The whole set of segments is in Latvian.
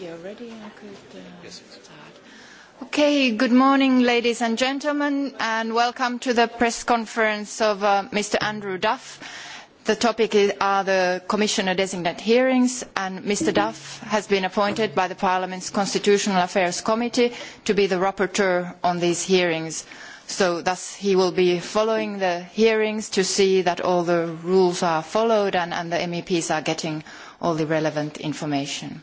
here already and could uh, yes, start. Okay, good morning, ladies and gentlemen, and welcome to the press conference of uh, Mr. Andrew Duff. The topic is, are the Commissioner-designate hearings, and Mr. Duff has been appointed by the Parliament's Constitutional Affairs Committee to be the rapporteur on these hearings. So thus he will be following the hearings to see that all the rules are followed and, and the MEPs are getting all the relevant information.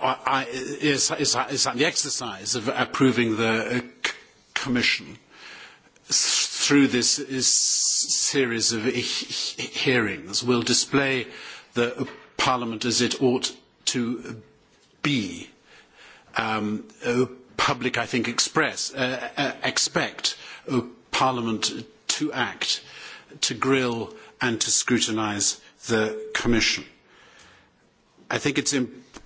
I, is, is, is that the exercise of approving the uh, Commission through this is series of hearings will display the Parliament as it ought to be. Um, uh, public, I think, express, uh, uh, expect uh, Parliament to act, to grill and to scrutinise the Commission. I think it's important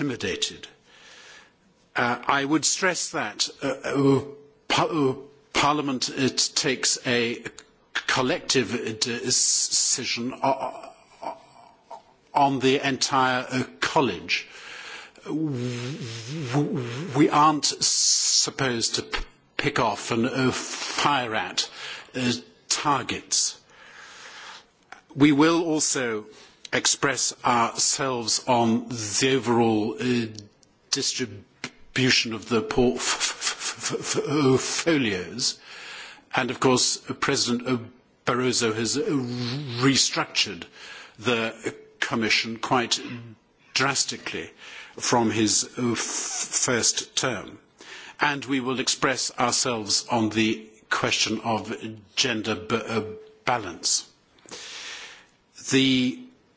intimidated. Uh, I would stress that uh, uh par uh, Parliament it takes a collective decision uh, on the entire college. We aren't supposed to pick off and fire at targets. We will also express ourselves on the overall uh, distribution of the portfolios. And of course, President Barroso has restructured the Commission quite drastically from his first term. And we will express ourselves on the question of gender uh, balance. The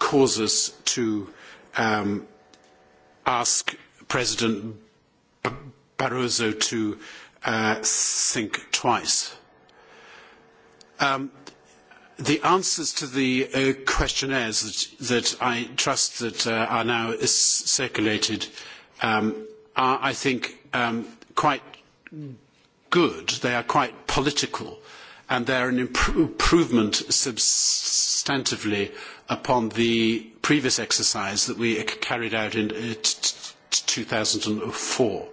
cause us to um, ask President Barroso to uh, think twice. Um, the answers to the uh, questionnaires that, that I trust that uh, are now circulated um, are, I think, um, quite good. They are quite political. Uh, and they're an improvement substantively upon the previous exercise that we carried out in 2004. Uh,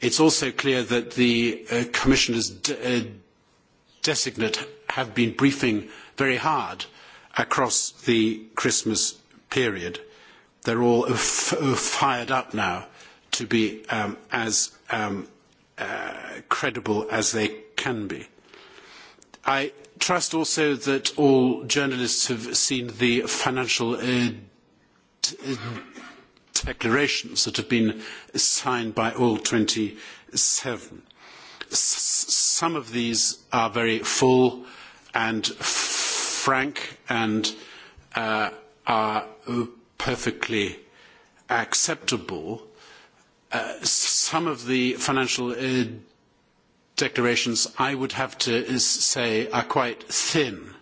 It's also clear that the uh, commissioners de uh, designate have been briefing very hard across the Christmas period. They're all uh, fired up now to be um, as um, uh, credible as they can be. I trust also that all journalists have seen the financial uh, uh declarations that have been signed by all 27. S some of these are very full and frank and uh, are perfectly acceptable. Uh, some of the financial uh, declarations, I would have to say, are quite thin.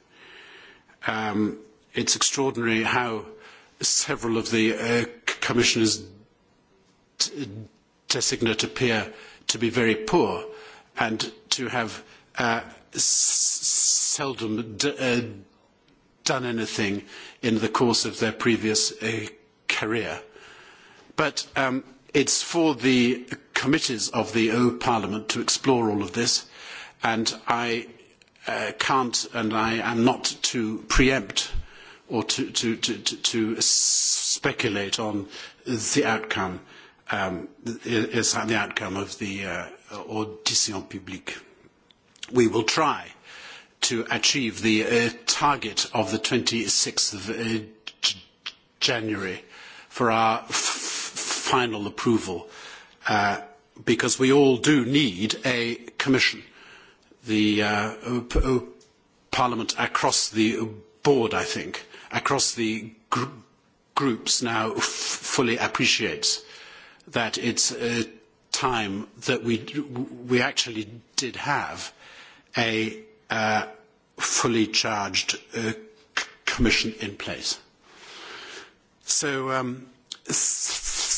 Um, it's extraordinary how several of the uh, commissioners designate appear to be very poor and to have uh, seldom d- uh, done anything in the course of their previous uh, career. But um, it's for the committees of the EU Parliament to explore all of this, and I uh, can't and I am not to preempt or to, to, to, to, to speculate on the outcome um, is the outcome of the uh, audition publique. We will try to achieve the uh, target of the 26th of uh, January for our f- final approval uh, uh, because we all do need a commission. The uh, p- oh, uh, Parliament across the board, I think, across the gr- groups now f- fully appreciates that it's uh, time that we we actually did have a uh, fully charged uh, commission in place. So um,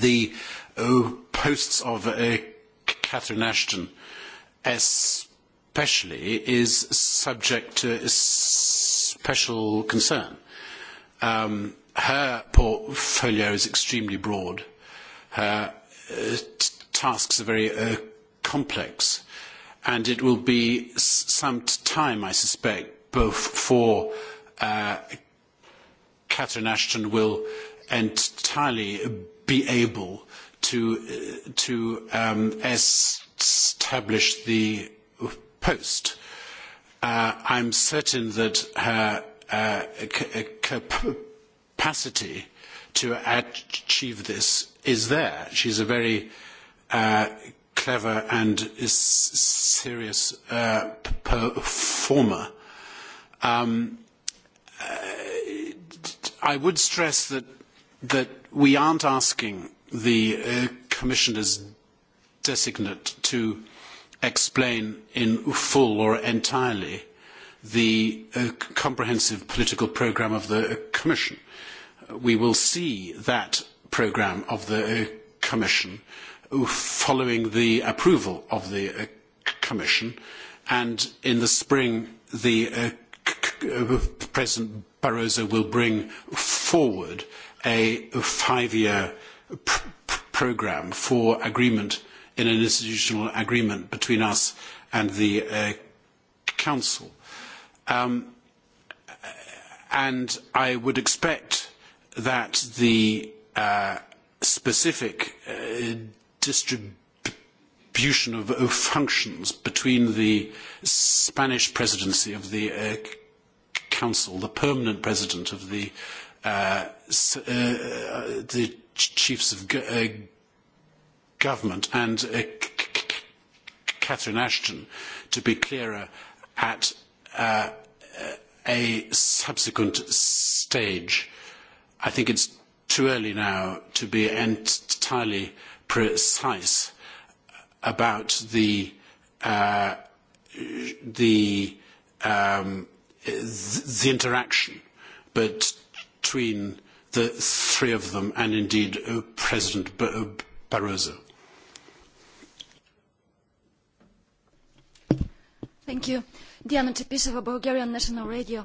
the uh, posts of uh, Catherine Ashton, especially, is subject to special concern. Um, her portfolio is extremely broad. Her uh, t- tasks are very uh, complex. And it will be s- some t- time, I suspect, before uh, Catherine Ashton will entirely be able to, uh, to um, establish the post. Uh, I'm certain that her uh, c- uh, capacity to achieve this is there. She's a very uh, clever and serious uh, performer. Um, uh, I would stress that that we aren't asking the uh, commissioners designate to explain in full or entirely the uh, comprehensive political programme of the uh, Commission. We will see that programme of the uh, Commission following the approval of the uh, Commission and in the spring the uh, uh President Barroso will bring forward uh, a five-year pr- pr- program for agreement in an institutional agreement between us and the uh, council. Um, and I would expect that the uh, specific uh, distribution of, of functions between the Spanish presidency of the uh, Council, the permanent president of the uh, s- uh, the chiefs of go- uh, government and uh, c- c- Catherine Ashton to be clearer at uh, uh, a subsequent stage. I think it's too early now to be entirely precise about the uh, the um, the interaction, but between the three of them and indeed uh, President B- uh, Barroso? Thank you. Diana Tepisova, Bulgarian National Radio. Uh,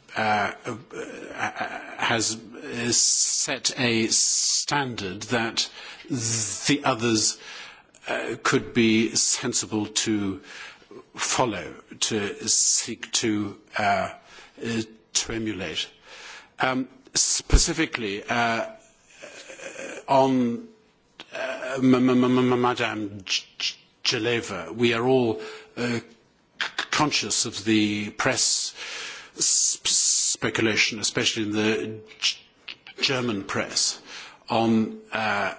Uh, uh, has set a standard that the others uh, could be sensible to follow, to seek to uh, to emulate. Um, specifically uh, uh on uh, Madame Geleva, we are all uh, conscious of the press uh, sp speculation, especially in the German press, on uh,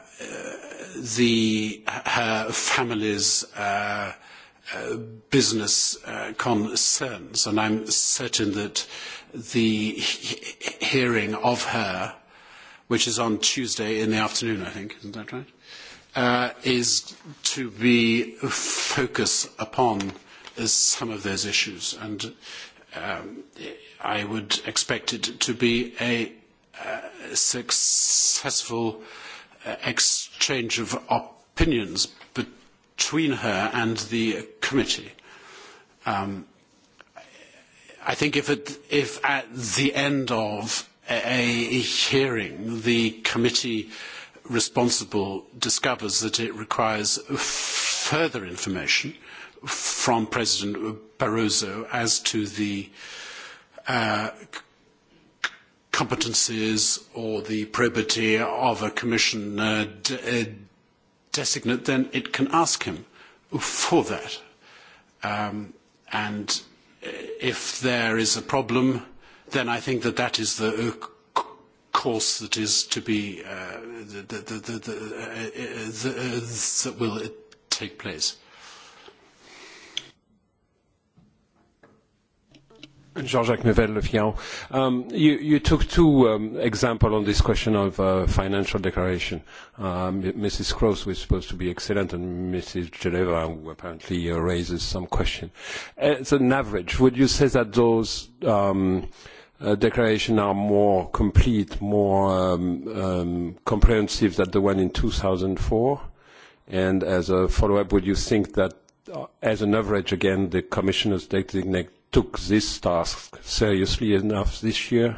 the her family's uh, uh, business uh, concerns, and I'm certain that the he- hearing of her, which is on Tuesday in the afternoon, I think, isn't that right? Uh, is to be focus upon uh, some of those issues, and um, I would expect it to be a, a uh, successful uh, exchange of opinions between her and the committee. Um, I think if, it, if at the end of a hearing, the committee responsible discovers that it requires further information, uh, from President Barroso as to the uh, competencies or the probity of a commission uh, d- uh, designate, then it can ask him for that. Um, and if there is a problem, then I think that that is the uh, course that is to be uh, the, the, the, the, the, uh, uh, the, uh, that will uh, take place. Jean-Jacques Nevel, Le Figaro. Um, you, you took two um, examples on this question of uh, financial declaration. Uh, um, Mrs. Cross was supposed to be excellent, and Mrs. Geneva, who apparently uh, raises some question. Uh, as an average, would you say that those um, uh, declarations are more complete, more um, um, comprehensive than the one in 2004? And as a follow-up, would you think that, uh, as an average, again, the commissioners designate took this task seriously enough this year?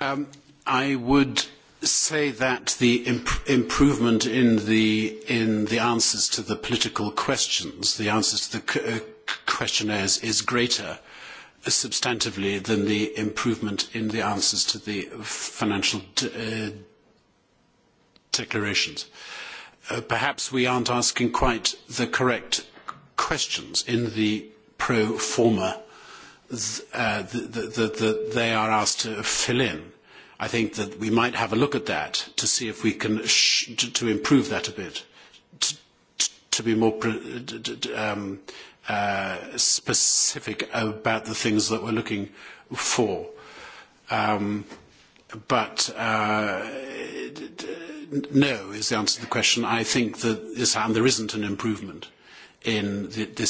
Um, I would say that the imp improvement in the, in the answers to the political questions, the answers to the uh, questionnaires, is greater uh, substantively than the improvement in the answers to the financial de uh, declarations. Uh, perhaps we aren't asking quite the correct questions in the pro forma uh, that the, the, the, they are asked to fill in. I think that we might have a look at that to see if we can sh- to, to improve that a bit, to, to be more pre- um, uh, specific about the things that we're looking for. Um, but uh, no is the answer to the question. I think that this, and there isn't an improvement in the, this